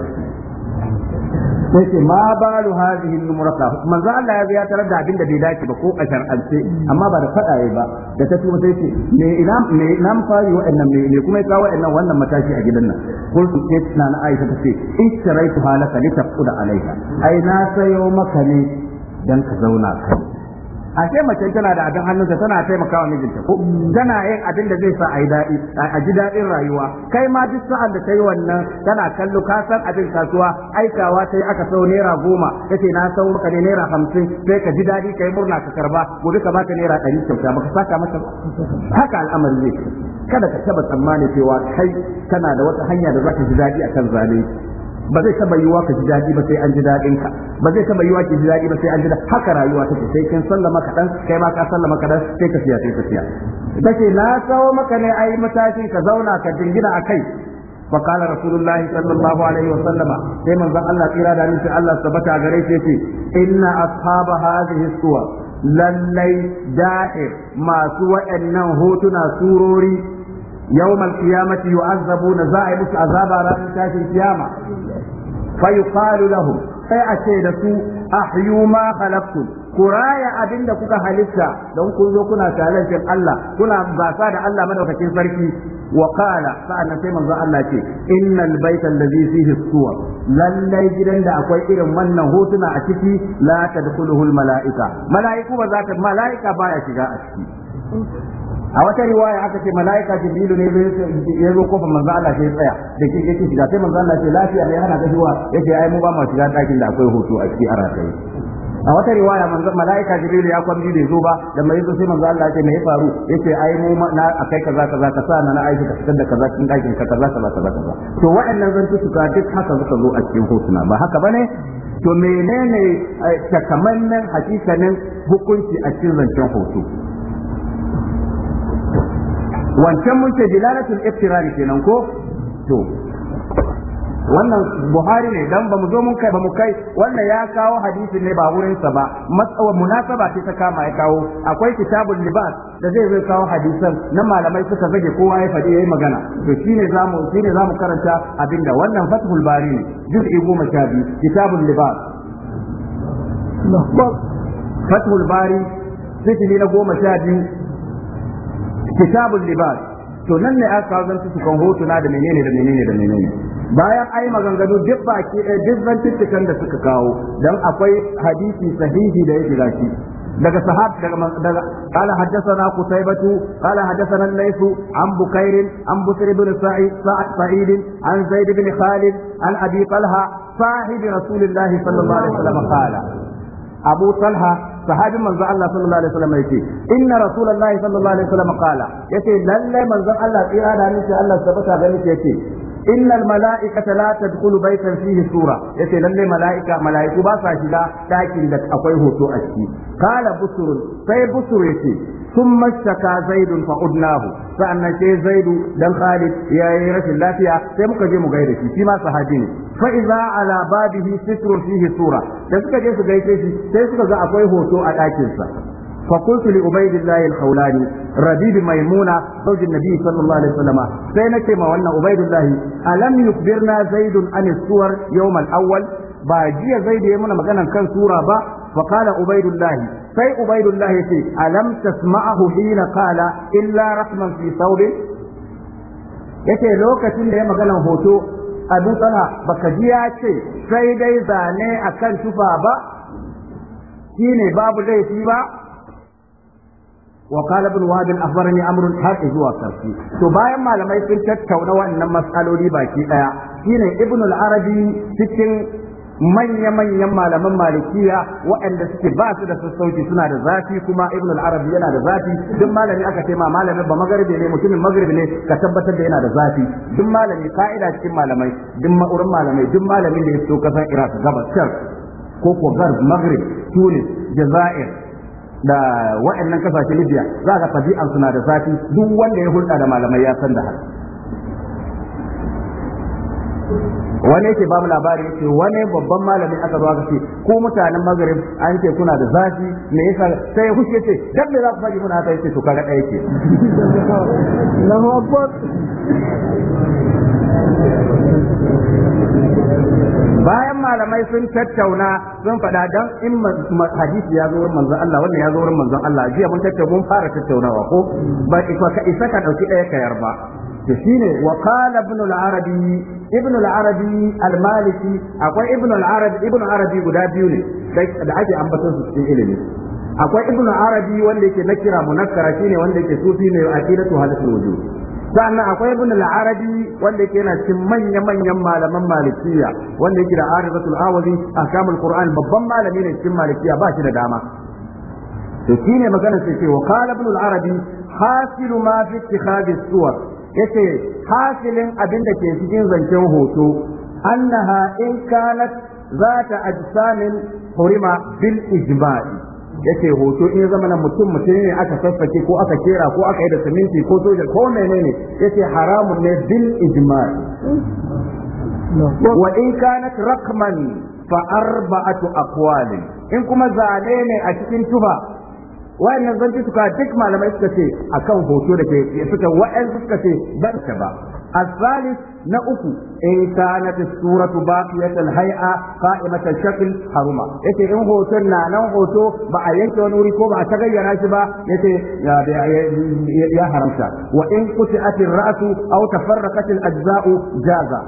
sai ce ma lu hadhihi numrata manzo Allah ya ya da abin da bai dace ba ko a shar'ance amma ba da fada yayi ba da ta tuba sai ce me ina me nan yi wa'annan me ne kuma ya kawo wa'annan wannan matashi a gidan nan kul ce na na Aisha ta ce in tsaraitu halaka litaqud alaiha ai na sayo maka ne dan ka zauna kai a ce mace tana da abin hannunta tana taimakawa mijinta ko tana yin abin da zai sa a daɗi a ji daɗin rayuwa kai ma duk sa'an da ta yi wannan tana kallo ka san abin kasuwa aikawa ta aka sau naira goma ta ce na sau maka ne naira hamsin sai ka ji daɗi ka yi murna ka karba gobe ka baka naira ɗari kyauta baka saka mata haka al'amari ne kada ka taba tsammani cewa kai tana da wata hanya da za ka ji daɗi akan zalunci ba zai taba yiwa ka ji daɗi ba sai an ji daɗin ka ba zai taba yiwa ki ji daɗi ba sai an ji daɗin haka rayuwa take sai kin sallama kaɗan kai ma ka sallama kaɗan sai ka siya sai ka siya take na tsawo maka ne ai matashi ka zauna ka jingina a kai fa qala rasulullahi sallallahu alaihi wa sallama sai manzon Allah tsira da nufi Allah tabbata gare shi yace inna ashabu hadhihi suwa lallai da'ir masu wa'annan hotuna surori يوم القيامة يعذبون زائب عذاب ران تاشي القيامة فيقال لهم أي أشيدك أحيوا ما خلقتم كرايا أبن كوكا هلسا لو كنت كنا تالنشن الله كنا باسا الله من وكتين فرقي وقال فأنا سيما ذا الله شيء إن البيت الذي فيه الصور لن يجدن دا أكوي إرم من نهوتنا أشكي لا تدخله الملائكة ملائكة بذات الملائكة بايا شكا أشكي a wata riwaya aka ce mala'ika jibrilu ne ya zo kofa manzo Allah sai tsaya da ke yake shiga sai manzo Allah ce lafiya ne yana ka shiwa ai mu ba mu shiga dakin da akwai hoto a cikin aratai a wata riwaya manzo mala'ika jibrilu ya kwambi da zo ba da mai zo sai manzo Allah ce me ya faru yace ai mu na akai kaza kaza ka sa na aiki ka fitar da kaza cikin dakin ka kaza kaza kaza kaza to waɗannan zantuka duk haka suka zo a cikin hotuna ba haka bane to menene eh, takamaiman hakikanin hukunci a cikin zancen hoto wancan mun ce dilalatul iftirari kenan ko to wannan buhari ne dan ba mu zo mun kai ba mu kai wannan ya kawo hadisin ne ba wurin sa ba matsawa munasaba ce ta kama ya kawo akwai kitabul libas da zai zai kawo hadisan na malamai suka zage kowa ya fadi yayi magana to shine zamu shine zamu karanta abinda wannan fathul bari ne juz'i 12 kitabul libas fathul bari na goma sha kitabul libas to nan ne aka kawo zantu kan hotuna da menene da menene da menene bayan ai maganganu duk baki duk zantuttukan da suka kawo dan akwai hadisi sahihi da yake gashi daga sahab daga daga qala haddathana qutaybatu qala haddathana laysu layth an bukair an busr ibn sa'id sa'ad sa'id an zaid ibn khalid an abi talha صاحب رسول sallallahu alaihi wasallam qala abu talha sahabin manzon Allah sallallahu alaihi wasallam yace inna rasulullahi sallallahu alaihi wasallam qala yace lalle manzon Allah tsira da miki Allah tabbata ga miki yace innal mala'ikata la tadkhulu baytan fihi sura yace lalle mala'ika mala'iku ba sa shiga dakin da akwai hoto a ciki qala busrun sai busur yace ثم اشتكى زيد فعدناه فأنا شيء زيد دان خالد يا يرس اللافية سيبقى جيم غيره فيما صحابيني فإذا على بابه ستر فيه صورة تسكى جيس غيره تسكى ذا أقوي هوتو الأكلسة فقلت لعبيد الله الخولاني ربيب ميمونة زوج النبي صلى الله عليه وسلم سينك ما وأن عبيد الله ألم يخبرنا زيد عن الصور يوم الأول ba jiya zai da ya muna maganan kan sura ba فقال عبيد الله sai ubaidullah yace alam tasma'ahu hina qala illa rasman fi Ya yace lokacin da ya magana hoto abin tsana baka ji ya ce sai dai zane akan tufa ba shine babu laifi ba وقال ابن وهب اخبرني امر har zuwa karshe to bayan malamai sun tattauna wannan mas'aloli baki daya shine ibn al-arabi cikin manya-manyan malaman malikiya waɗanda suke ba su da sassauci suna da zafi kuma ibn al-arabi yana da zafi duk malami aka ce ma malamin ba magharibi ne mutumin magharibi ne ka tabbatar da yana da zafi duk malami ka'ida cikin malamai duk ma'urin malamai duk malamin da ya so kasar iraq gabasar ko ko garb maghrib tunis jazair da waɗannan kasashe Libya za ka tabi'an suna da zafi duk wanda ya hulɗa da malamai ya san da haka wani yake ba mu labari yake wani babban malamin aka zo aka ce ku mutanen magrib an ce kuna da zafi me yasa sai ya huce ce dan me za ku faɗi muna haka yace to kaga ɗaya ke Allahu akbar bayan malamai sun tattauna sun faɗa dan in hadisi ya zo wurin manzon Allah wannan ya zo wurin manzon Allah jiya mun tattauna mun fara tattaunawa ko ba ka isa ka dauki ɗaya ka yarba to ne wa qala ibn al-arabi ibn al-arabi al-maliki akwai ibn al-arabi ibn arabi guda biyu ne da ake ambaton su cikin ilimi akwai ibn arabi wanda yake nakira munakkara shine wanda yake sufi ne aqidatu halatul wujud sannan akwai ibn al-arabi wanda yake yana cikin manya-manyan malaman malikiya wanda yake da arifatul awazi ahkamul qur'an babban malami ne cikin malikiya ba shi da dama to shine magana sai ce wa qala ibn al-arabi hasilu ma fi ittikhadhi suwar yace hasilin abin da ke cikin zancen hoto annaha in kanat zata ajsamin hurima bil ijma'i yace hoto in zama na mutum mutum ne aka sassake ko aka kera ko aka yi da siminti ko soja ko menene yace haramun ne bil ijma'i wa in kanat raqman fa arba'atu aqwali in kuma zane ne a cikin tuba wayannan zan ci suka duk malamai suka ce akan hoto da ke suka wa'en suka ce bar ta ba asali na uku in kana ta sura tu baqiyatul hay'a qa'imatul shakl haruma yace in hoton na nan hoto ba a yanke wani wuri ko ba a tagayyara shi ba yace ya haramta wa in qut'atir ra'su aw tafarraqatil ajza'u jaza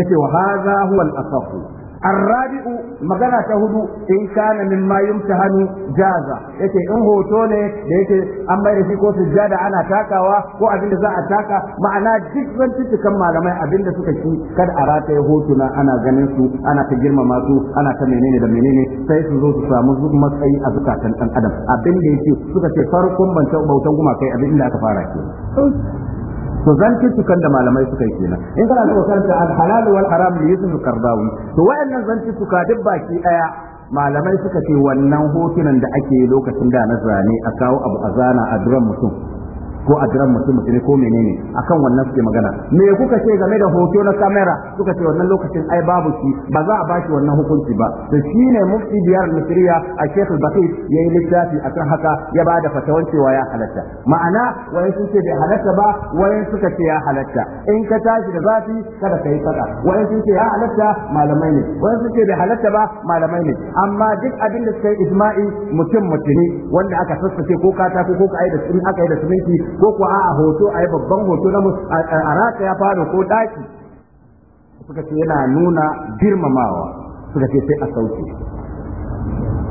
yace wa hadha huwa al-asahhu الرابع مغنى تهدو إن كان مما يمتهن جازا يتي إن هو توني يتي أما يرسي كوس الجادة أنا تاكا وكو أبين ذا أتاكا معنا جزا تتكما لما أبين ذا سكشي كد أرات يهوتنا أنا غنسو أنا تجرم ماسو أنا تمينيني دمينيني سيسو زوتو سامزو مسأي أزكاة أن أدم أبين ذا يتي سكشي فاركم من توبة وتوبة ما كي أبين ذا كفارة to zantuttukan da malamai suka yi kenan in kana so karanta al-halal wal haram li yusuf kardawi to wa'annan ka duk baki daya malamai suka ce wannan hotunan da ake lokacin da na zane a kawo abu a zana a duran mutum ko a jiran mutum mutum ko menene akan wannan suke magana me kuka ce game da hoto na kamera suka ce wannan lokacin ai babu shi ba za a bashi wannan hukunci ba to shine mufti biyar misriya a Sheikh al-Baqir yayi littafi akan haka ya ba da fatawan cewa ya halatta ma'ana wai sun ce bai halatta ba wai suka ce ya halatta in ka tashi da zafi kada kai fada wai sun ce ya halatta malamai ne wai sun ce bai halatta ba malamai ne amma duk abin da suka yi mutum mutumi wanda aka sassace ko katako ko ka da sun aka yi da suminti ko ku a hoto a yi babban hoto na a rata ya fara ko daki suka ce yana nuna girmamawa suka ce sai a sauke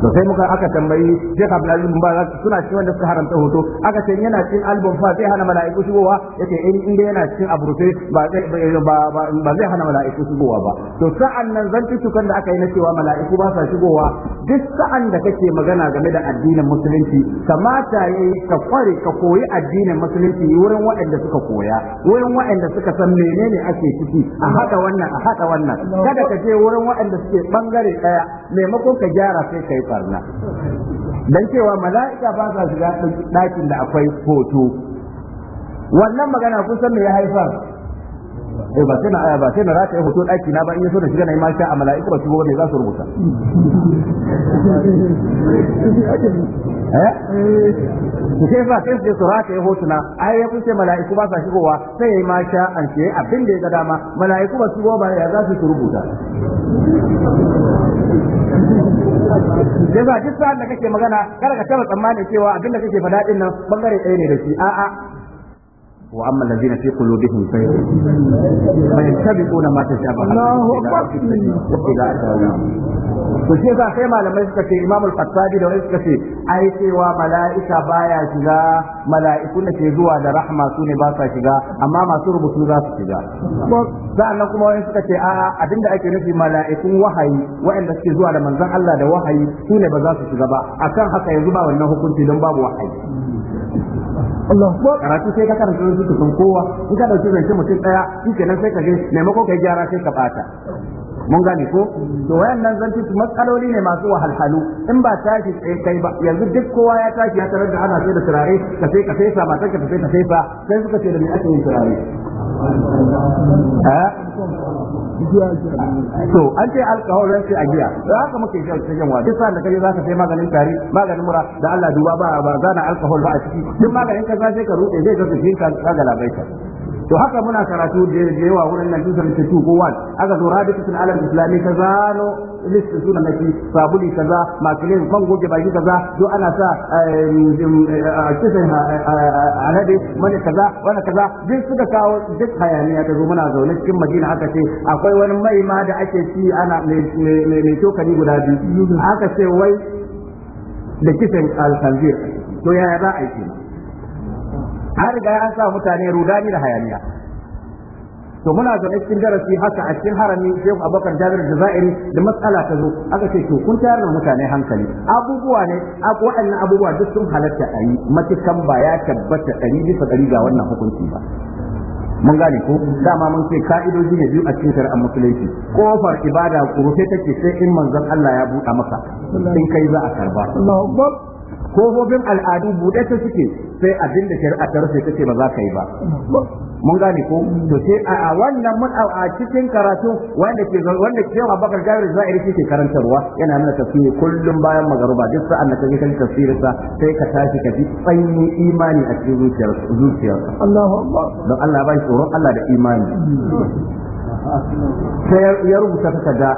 to sai muka aka tambayi Sheikh Abdulaziz ba suna cikin wanda suka haramta hoto aka ce yana cikin album fa sai hana mala'iku shigowa in in yana cikin aburfe ba zai ba zai hana mala'iku shigowa ba to sa'an nan zantukan da aka yi na cewa mala'iku ba sa shigowa duk sa'an da kake magana game da addinin musulunci kamata yayi ka kware ka koyi addinin musulunci wurin waɗanda suka koya wurin waɗanda suka san menene ake ciki a haɗa wannan a haɗa wannan kada ka je wurin waɗanda suke bangare ɗaya maimakon ka gyara sai kai barna dan cewa mala'ika ba sa shiga dakin da akwai hoto wannan magana kun san me ya haifar eh ba sai na aya ba sai na rata hoto daki na ba in yaso da shiga na yi masha a mala'iku ba shigo ne za su rubuta eh to sai fa sai su rata ya hoto na ai ya kuce mala'iku ba sa shigowa sai ya yi masha an ce abin da ya ga dama mala'iku ba shigo ba ya za su rubuta yasa duk sa'an da kake magana kada ka taɓa tsammanin cewa abin da kake faɗa din nan bangare ɗaya ne da shi a'a واما الذين في قلوبهم زيغ فيتبعون ما تشابه الله اكبر to shi yasa sai malamai suka ce imamul fattabi da wani suka ce ai cewa mala'ika baya shiga mala'ikun da ke zuwa da rahma su ne ba sa shiga amma masu rubutu za su shiga sa'annan kuma wani suka ce a'a abinda ake nufi mala'ikun wahayi waɗanda suke zuwa da manzon Allah da wahayi su ne ba za su shiga ba akan haka yanzu ba wannan hukunci don babu wahayi karatu sai ka karanta wasu tukun kowa in ka dauki zance mutum daya shikenan kenan sai ka je maimako kai gyara sai ka bata mun gane ko to nan zan su matsaloli ne masu wahalhalu in ba tashi tsaye kai ba yanzu duk kowa ya tashi ya tarar da ana sai da turare ka sai ka sa ba ka sai ka fesa sai suka ce da me ake yin turare eh? to an ce alkahol ran sai a giya da haka muke shan cikin wa duk kai kaje zaka sai maganin tari maganin mura da Allah duba ba ba zana alkahol ba a ciki duk maganin ka sai ka rufe zai ka jikin ka ga labai to haka muna karatu da yawa wurin nan tutar ta tu ko wani aka zo rabitatul alam islami ka zano listin na nake sabuli kaza makilin kan goge baki kaza do ana sa kisan alade wani kaza wani kaza duk suka kawo duk hayaniya ta zo muna zaune cikin madina aka ce akwai wani mai ma da ake ci ana mai guda biyu aka ce wai da kisan alkanzir to yaya za a yi kenan an riga an sa mutane rudani da hayaniya to muna zaune cikin darasi haka a cikin harami Sheikh Abubakar Jabir Jazairi da matsala ta zo aka ce to kun tayar da mutane hankali abubuwa ne waɗannan abubuwa duk sun halatta a yi matukan ba ya tabbata ɗari bisa ɗari ga wannan hukunci ba mun gane ko dama mun ce ka'idoji ne biyu a cikin shari'ar musulunci kofar ibada kurufe take sai in manzon Allah ya buɗa maka in kai za a karba kofofin al'adu buɗe ta suke sai abin da shari'a ta rufe kace ba za ka yi ba mun gane ko to sai a wannan mun a cikin karatu wanda ke wanda ke yawa bakar jabir zairi ke karantarwa yana nuna tafsiri kullum bayan magaruba duk sa'an da kaje kan tafsirin sa sai ka tashi ka ji tsanyi imani a cikin zuciyar zuciyar Allahu Akbar don Allah ya ba tsoron Allah da imani sai ya rubuta takarda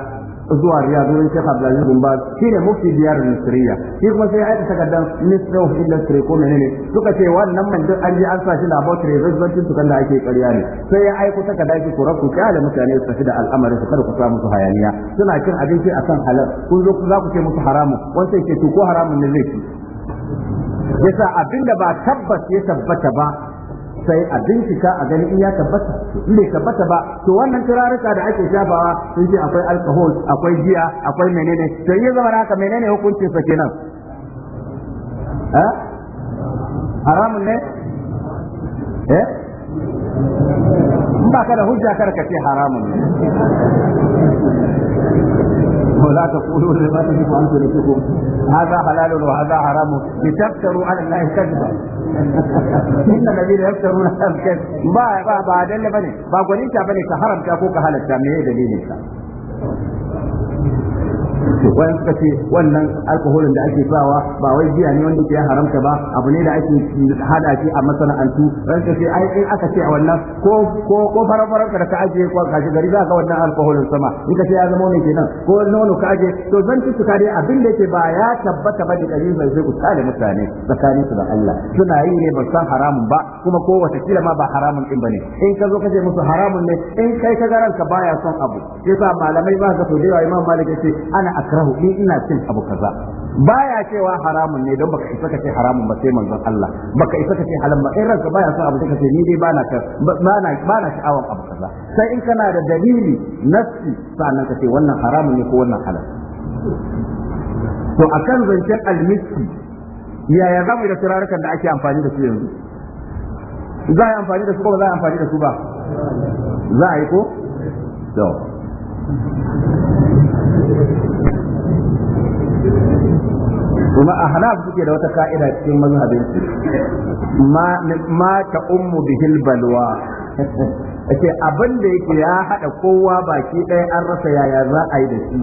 zuwa riyadu wurin shekh abdulaziz bin baz shi ne mufti biyar misriya shi kuma sai aika takardar ministry of industry ko menene suka ce wannan man duk an ji an sa shi laboratory reservation kan da ake ƙarya ne sai ya aiko takardar ki kura ku kyale mutane su tafi da al'amarin su kada ku sa musu hayaniya suna cin abinci a halal kun zo za ku ce musu haramun wani sai ce to ko haramun ne zai ci yasa abinda ba tabbas ya tabbata ba sai a bincika a gani in ya tabbata in bai tabbata ba to wannan turarika da ake shafawa sun ce akwai alcohol akwai giya akwai menene to yi zama na haka menene hukuncin sa kenan eh haramun ne eh in ba ka da hujja kar ka ce haramun ne ولا تقولوا لما تجب أن تلككم هذا حلال وهذا حرام لتفتروا على الله كذبا إن الذين يفترون على الكذب ما بعد اللي بني ما قولين بني كهرم كأكوك هل التامية دليل wani suka ce wannan alkoholin da ake sawa ba wai biya ne wanda ke haramta ba abu ne da ake hada shi a masana'antu ran ka ce ai in aka ce a wannan ko ko ko farafaran ka da ka aje ko ka gari za ka wannan alkoholin sama in ka ce ya zama ne kenan ko nono ka aje to zan ci suka dai abin da yake ba ya tabbata ba da dalilin sai ku tsale mutane tsakanin su da Allah suna yi ne ba san haramun ba kuma ko wata kila ma ba haramun din bane in ka zo ka ce musu haramun ne in kai ka ga ranka baya son abu yasa malamai ba ka to da Imam Malik yace ana akrahu in ina cin abu kaza baya cewa haramun ne don baka isa kace haramun ba sai manzon Allah baka isa kace ce halal ba in ranka baya son abu sai kace ni dai bana ka bana bana sha'awan abu kaza sai in kana da dalili nafsi sannan ka ce wannan haramun ne ko wannan halal to akan zancen almiski ya za mu da turarukan da ake amfani da su yanzu za a yi amfani da su ko ba za a yi amfani da su ba za a yi ko to kuma a hanaf suke da wata ka'ida cikin mazhabin su ma ma ta ummu bihil balwa ake abin da yake ya hada kowa baki ɗaya an rasa yaya za a yi da shi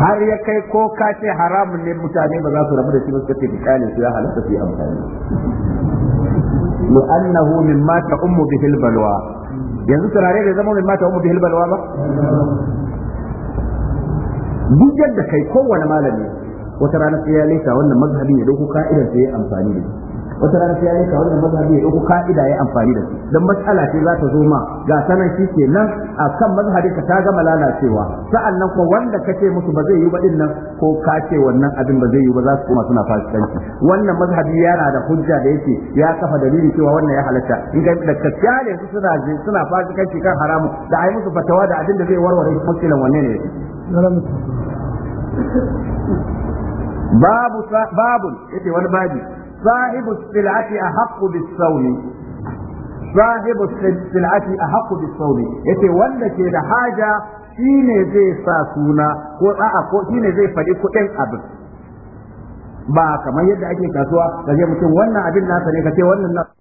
har ya kai ko ka ce haramun ne mutane ba za su rabu da shi ba suka ce su ya halatta su yi amfani li'annahu mimma ummu bihil balwa yanzu turare da zama mimma ummu bihil balwa ba duk yadda kai kowane malami wata rana sai ya leka wannan mazhabin ya dauko ka'idar sai ya amfani da shi wata rana sai ya leka wannan mazhabi ya dauko ka'ida ya amfani da su dan matsala ce za ta zo ma ga sanan shi kenan akan mazhabin ka ta gama lalacewa sa'annan ko wanda kace musu ba zai yi ba din nan ko ka ce wannan abin ba zai yi ba za su koma suna fasikanci wannan mazhabi yana da hujja da yake ya kafa dalili cewa wannan ya halatta in ga da kaciya su suna suna fasikanci kan haramu da ai musu fatawa da abin da zai warware muskilan wannan ne babu babun yace wani babi sahibu silati ahqqu bis-sawmi sahibu silati ahqqu bis-sawmi yace wanda ke da haja shine zai sa suna ko a'a ko shine zai faɗi kuɗin abin ba kamar yadda ake kasuwa kaje mutum wannan abin nasa ne kace wannan nasa